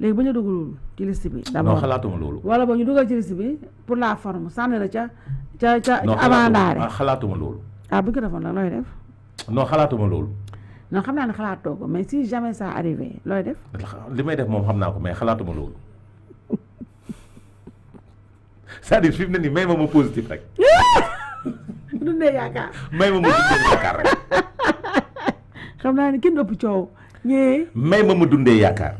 léegi ba ñu dugalul ci liste bi. d' abord non xalaatuma loolu. wala ba ñu dugal ci liste bi pour la forme sànni la ca ca ca. avant daare ah, non xalaatuma loolu. ah bu ñu ko defoon nag looy def. non xalaatuma loolu. non xam naa ne xalaatoo mais si jamais ça arrivé looy def. li may def moom xam naa ko mais xalaatuma loolu c'est-à-dire fi mu ne nii may ma ma positif rek. dundee yaakaar. may ma ma dundee yaakaar rek. xam naa ni kenn ëpp coow. ñee. may ma ma dundee yaakaar.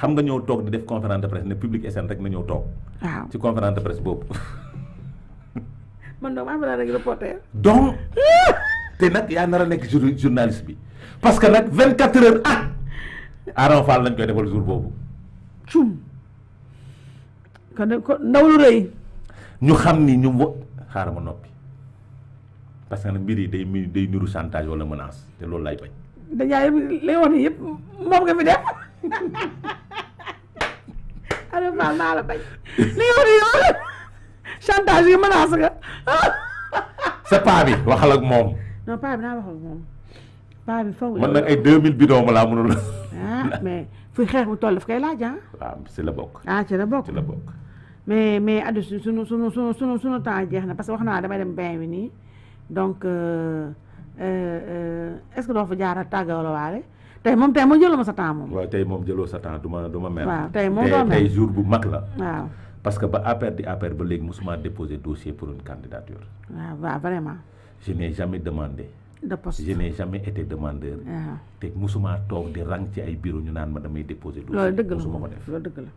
xam nga ñoo toog di def conférence de presse ne public SN rek na ñëw toog. waaw ci conférence de presse boobu. man donc am naa rek reporter. donc te nag yaa nar a nekk journaliste bi parce que nag 24 heures ah Aram Fall lañ koy defal jour boobu. cum kon ko ndaw lu rëy. ñu xam ni ñu wo xaaral ma noppi parce que nag mbir yi day day niru chantage wala menace te loolu lay bañ. dañaa yëpp lay wax ni yëpp moom nga fi def. baal naa la bañ li nga wax chantage yi menace nga sa paa bi waxal ak moom non paa bi naa waxal moom paa bi faw man nag ay deux mille bidon ma laa mënul ah mais fu xeex bu toll daf koy laaj ah waaw la bokk ah ci la bokk ci la bokk mais mais addu sunu sunu sunu sunu sunu temps jeex na parce que wax naa damay dem bain bi nii donc euh, euh, euh, est-ce que doo fa jaara tàggawala waale tey moom tey moom jëloo ma sa temps moom. waaw tey moom jëloo sa temps du ma du ma mer. waaw tey moom doo mer tey jour bu mag la. waaw parce que ba APR di APR ba léegi musuma déposé dossier pour une candidature. waaw waaw vraiment. je n'ai jamais demandé. de poste je n'ai jamais été demandeur. Ah. te musuma toog di rang ci ay bureau ñu naan ma damay déposé. dossier loolu dëgg la musuma ko def loolu dëgg la.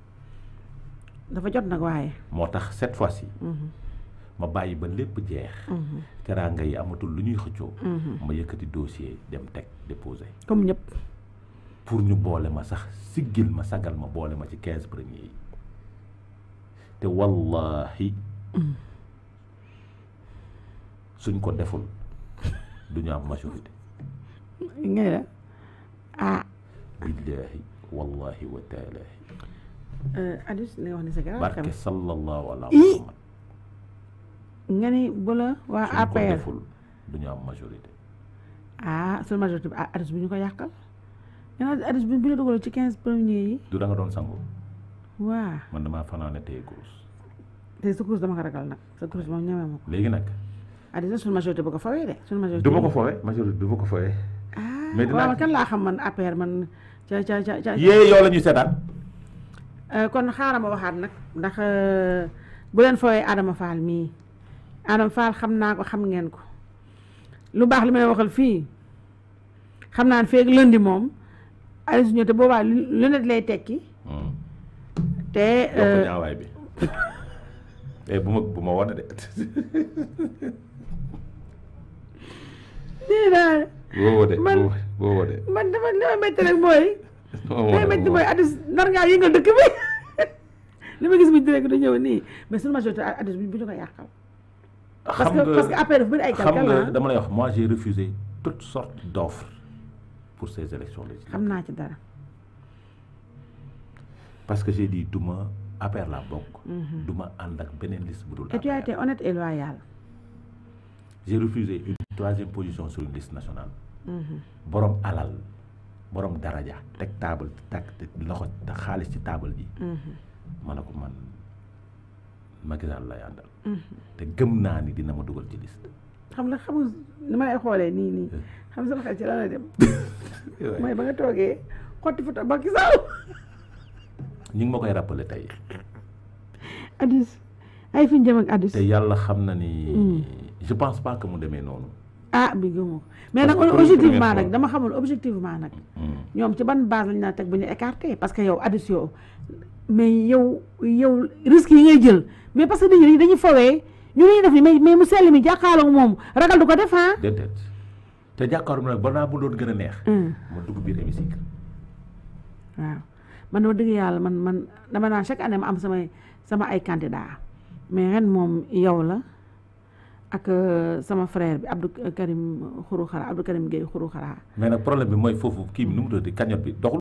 dafa jot nag waaye. moo tax cette fois ci. Mhm. ma bàyyi ba lépp jeex. Mhm. teraanga yi amatul lu ñuy xëccoo. Mhm. ma yëkkati dossier dem teg déposé. comme ñëpp. pour ñu boole ma sax siggil ma sagal ma boole ma ci 15 premier yi te wallahi suñ ko deful duñu am majorité ngay ah billahi wallahi wa taala euh adus li wax ni sa grand barke sallallahu ala muhammad nga ni bu la waa APR deful duñu am majorité ah suñ majorité adus ah, bu ñu ko yakal ñooñu Aris bi ñu la dugaloon ci quinze premiers yi. du da nga doon sangu. waaw man damaa fanaane téye course. tey sa course dama ko ragal nag sa course moom ñeme ma ko. léegi nag. Aris ah, suñu majorité bu ko fawee de suñu majorité. du ma ko fawee majorité du ma ko fawee. Ah, mais dinaa waaw laa xam man APR man ca ca ca ca. yee yow la ñuy euh, kon xaaral ma waxaat nag ndax euh, bu leen fooyee Adama Fall mii Adama Fall xam naa ko xam ngeen ko lu baax li may waxal fii xam naa ne feeg lëndi moom Aliou ñëw te boobaa lu ne lay tekki. Hmm. te euh, eh, bu ma bu ma wane de. de man dama li ma métti rek mooy. li ma métti mooy addis nar ngaa yëngal dëkk bi. li ma gis bu ñu rek du ñëw nii mais suñu majorité addis bu ñu ko yàqal. parce ay. calcul xam nga ah. dama lay wax moi j'ai refusé toutes sortes d'offres. pour ces élections législatives parce que j'ai dit duma après la banque, mhm. duma en liste et tu as été honnête et loyal. j'ai refusé une troisième position sur une liste nationale. Mhm. borom alal borom daraja Tac table Tac, Khalis table mhm. man ni liste. ni mooy ba nga toogee xotti foto Macky Sall ñu ngi ma koy rappelé tey addis ay fi ñu jëm ak addis te yàlla xam na ni hmm. je pense pas que mu demee noonu ah bi gëmoo mais nag objectivement nag dama xamul objectivement nag hmm. ñoom ci ban base lañ naa teg bu ñu écarté parce que yow addis yow mais yow yow risques yi ngay jël mais parce que nit ñi dañuy fowee ñu dañuy def ni mais mais mu sell mi jàkkaarloo moom ragal du ko def ah. te jàkkaaru nag balaa bu doon gën a neex. Mm. ma dugg biir hémicycle. waaw man wax dëgg yàlla man man dama naan chaque année ma am samay sama ay candidat mais ren moom yow la ak euh, sama frère bi Abdou Karim Xuru Xara Abdou Karim Gueye Xuru xaraa mais nag problème bi mooy foofu kii bi nu mu tuddati cagnotte bi doxul.